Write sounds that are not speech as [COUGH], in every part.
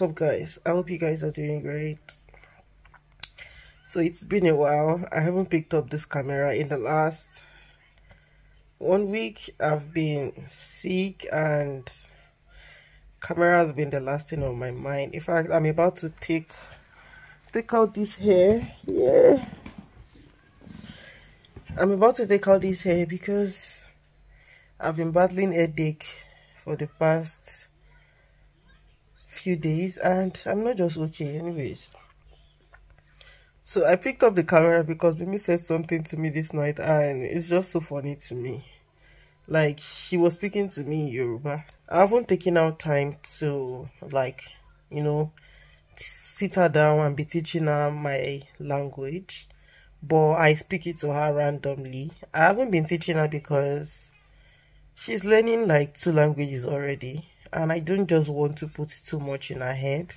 what's up guys i hope you guys are doing great so it's been a while i haven't picked up this camera in the last one week i've been sick and camera has been the last thing on my mind in fact i'm about to take take out this hair yeah i'm about to take out this hair because i've been battling headache for the past few days and I'm not just okay anyways. So I picked up the camera because Mimi said something to me this night and it's just so funny to me. Like she was speaking to me in Yoruba. I haven't taken out time to like, you know, sit her down and be teaching her my language. But I speak it to her randomly. I haven't been teaching her because she's learning like two languages already and I don't just want to put too much in her head.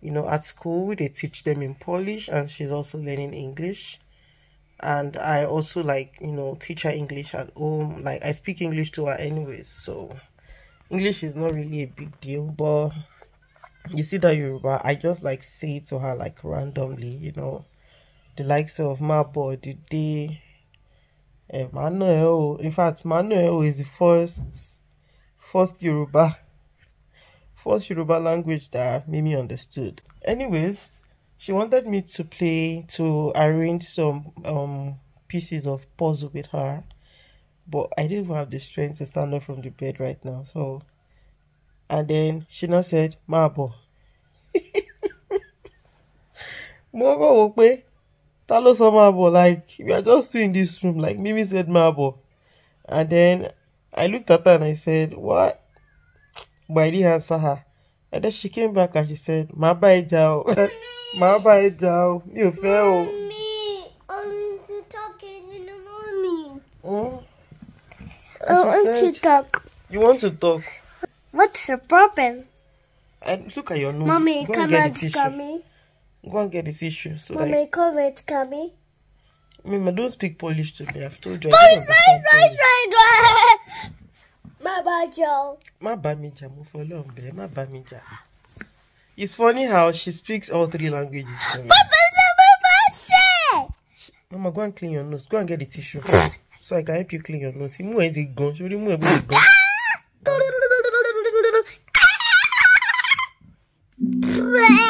You know, at school they teach them in Polish and she's also learning English. And I also like, you know, teach her English at home. Like I speak English to her anyways, so English is not really a big deal, but you see that Yoruba, I just like say to her like randomly, you know, the likes of my boy, the day Emmanuel, in fact, Manuel is the first first Yoruba first Yoruba language that Mimi understood. Anyways, she wanted me to play, to arrange some um, pieces of puzzle with her, but I didn't have the strength to stand up from the bed right now. So, and then she now said, Marble. [LAUGHS] mo kàn wò pé bọ̀ like we are just two in this room like Mimi said marble, and then I looked at her and I said what didn't answer her. And then she came back and she said, My bye, ẹ My bye, Màá You fell. Me. Mommy, I want to talk in the morning. Oh. I want said, to talk. You want to talk? What's the problem? And look at your nose. Mommy, Go come and get the tissue. Go and get the tissue. So Mommy, that... come and come. Mama, don't speak Polish to me. I've told you. Polish, Polish, Polish, Polish. má bá jà. má bá mi jà mo fọ Ọlọ́run bẹ́ẹ̀ má bá mi jà. it's funny how she speaks all three languages to me. papa ṣe papa ṣe. mama go and clean your nose go and get the tissue so i can help you clean your nose imú ẹ ti gan sórí imú ẹ bó ti gan. Bleh. Ah!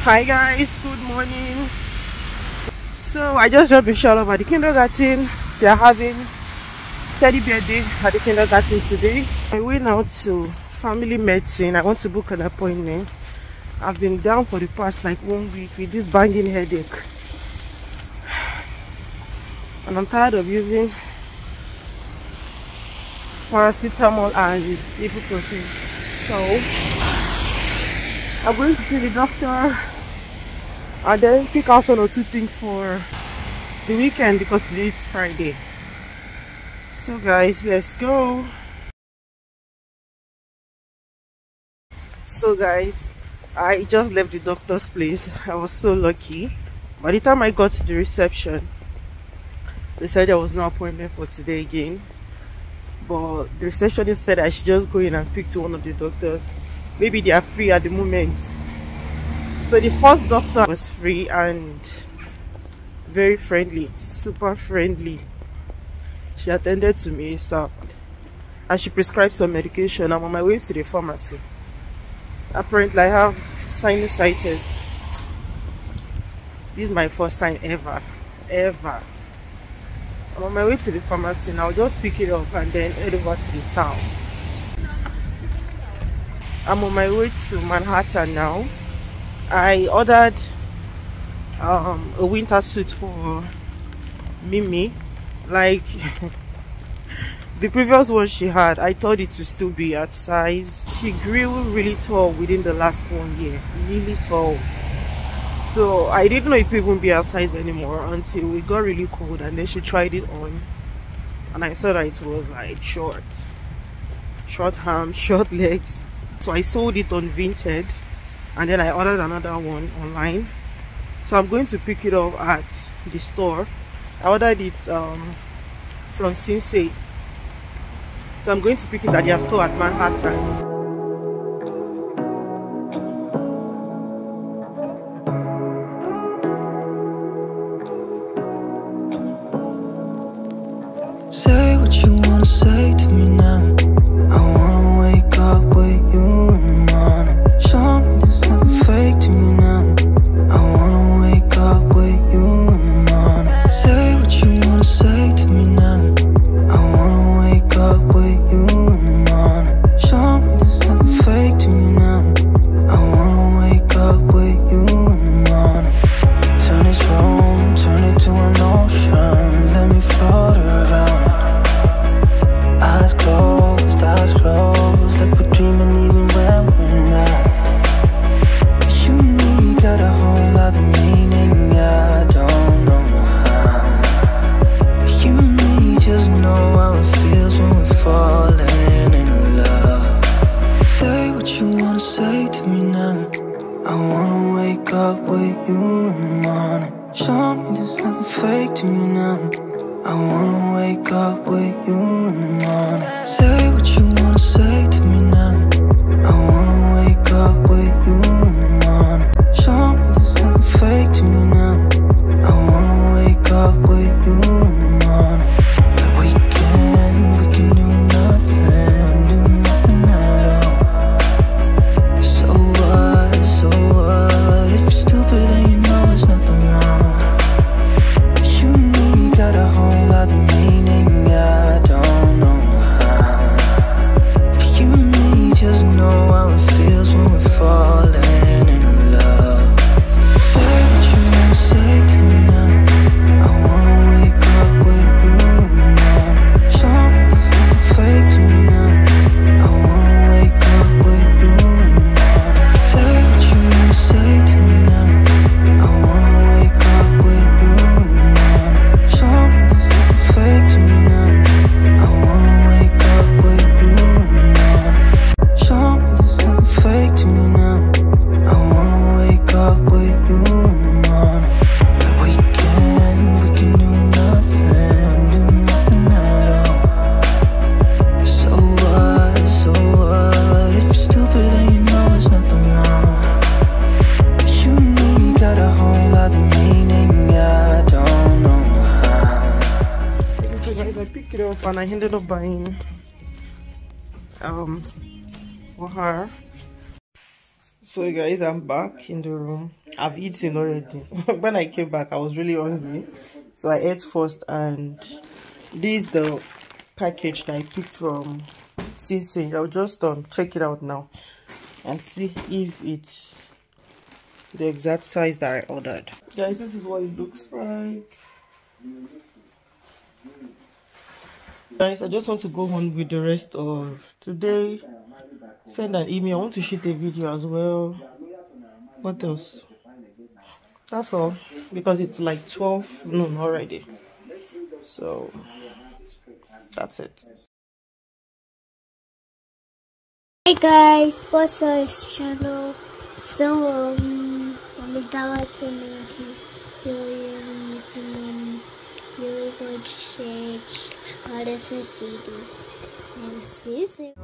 Hi guys, good morning. So I just dropped a shout at the kindergarten. They are having teddy bear day at the kindergarten today. I went out to family medicine. I want to book an appointment. I've been down for the past like one week with this banging headache. And I'm tired of using paracetamol and ibuprofen. So I'm going to see the doctor and then pick out one or two things for the weekend because today is Friday. So guys, let's go. So guys, I just left the doctor's place. I was so lucky. By the time I got to the reception, they said there was no appointment for today again. But the receptionist said I should just go in and speak to one of the doctors. Maybe they are free at the moment so the first doctor was free and very friendly super friendly she attended to me so and she prescribed some medication i'm on my way to the pharmacy apparently i have sinusitis this is my first time ever ever i'm on my way to the pharmacy now just pick it up and then head over to the town i'm on my way to manhattan now I ordered um, a winter suit for Mimi. Like [LAUGHS] the previous one she had, I thought it would still be at size. She grew really tall within the last one year, really tall. So I didn't know it would even be her size anymore until it got really cold and then she tried it on. And I saw that it was like short, short arms, [LAUGHS] short legs. So I sold it on Vinted and then I ordered another one online so I'm going to pick it up at the store I ordered it um, from Sensei so I'm going to pick it at their store at Manhattan right to you now. I wanna wake up with you in the morning. Say what you wanna say to me now. I wanna wake up with you. I picked it up and I ended up buying um for her so guys i'm back in the room i've eaten already [LAUGHS] when i came back i was really hungry so i ate first and this is the package that i picked from cc i'll just um check it out now and see if it's the exact size that i ordered guys this is what it looks like guys i just want to go on with the rest of today send an email i want to shoot a video as well what else that's all because it's like 12 noon already so that's it hey guys what's up his channel so um i'm a really good shit. What is a CD? And Susie.